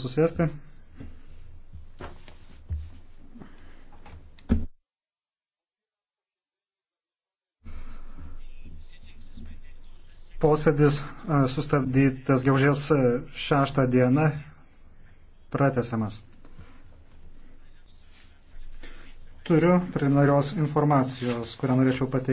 susėsti. Posėdis e, sustabdytas gegužės 6 e, dieną pratesiamas. Turiu preliminarios informacijos, kurią norėčiau pateikti.